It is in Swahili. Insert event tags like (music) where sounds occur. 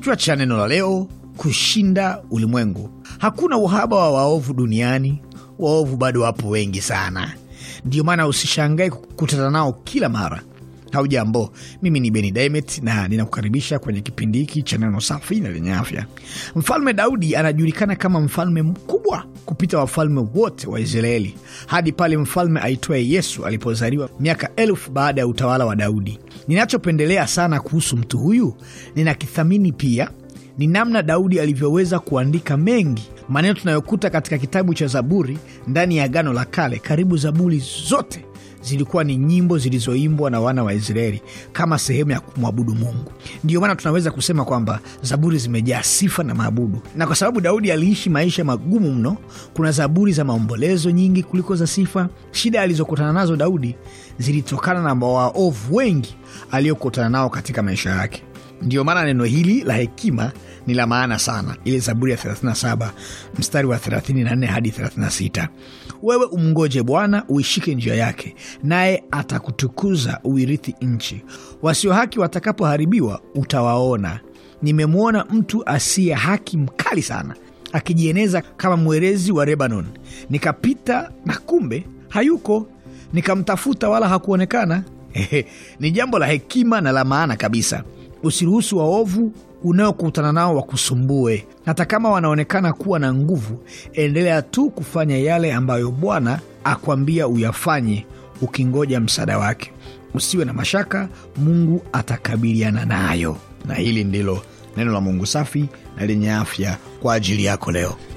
Kichwa cha neno la leo: kushinda ulimwengu. Hakuna uhaba wa waovu duniani. Waovu bado wapo wengi sana, ndiyo maana usishangae kukutana nao kila mara haujambo mimi ni Beni Dimet na ninakukaribisha kwenye kipindi hiki cha neno safi na lenye afya. Mfalme Daudi anajulikana kama mfalme mkubwa kupita wafalme wote wa Israeli hadi pale mfalme aitwaye Yesu alipozaliwa miaka elfu baada ya utawala wa Daudi. Ninachopendelea sana kuhusu mtu huyu, ninakithamini pia ni namna Daudi alivyoweza kuandika mengi maneno tunayokuta katika kitabu cha Zaburi ndani ya gano la Kale. Karibu Zaburi zote zilikuwa ni nyimbo zilizoimbwa na wana wa Israeli kama sehemu ya kumwabudu Mungu. Ndiyo maana tunaweza kusema kwamba Zaburi zimejaa sifa na maabudu, na kwa sababu Daudi aliishi maisha magumu mno, kuna zaburi za maombolezo nyingi kuliko za sifa. Shida alizokutana nazo Daudi zilitokana na waovu wengi aliyokutana nao katika maisha yake. Ndiyo maana neno hili la hekima ni la maana sana, ile Zaburi ya 37 mstari wa 34 hadi 36: wewe umngoje Bwana, uishike njia yake, naye atakutukuza uirithi nchi. Wasio haki watakapoharibiwa, utawaona. Nimemwona mtu asiye haki mkali sana akijieneza kama mwerezi wa Lebanon. Nikapita na kumbe hayuko, nikamtafuta wala hakuonekana. (laughs) Ni jambo la hekima na la maana kabisa. Usiruhusu waovu unaokutana nao wakusumbue. Hata kama wanaonekana kuwa na nguvu, endelea tu kufanya yale ambayo Bwana akwambia uyafanye, ukingoja msaada wake. Usiwe na mashaka, Mungu atakabiliana nayo. Na hili ndilo neno la Mungu safi na lenye afya kwa ajili yako leo.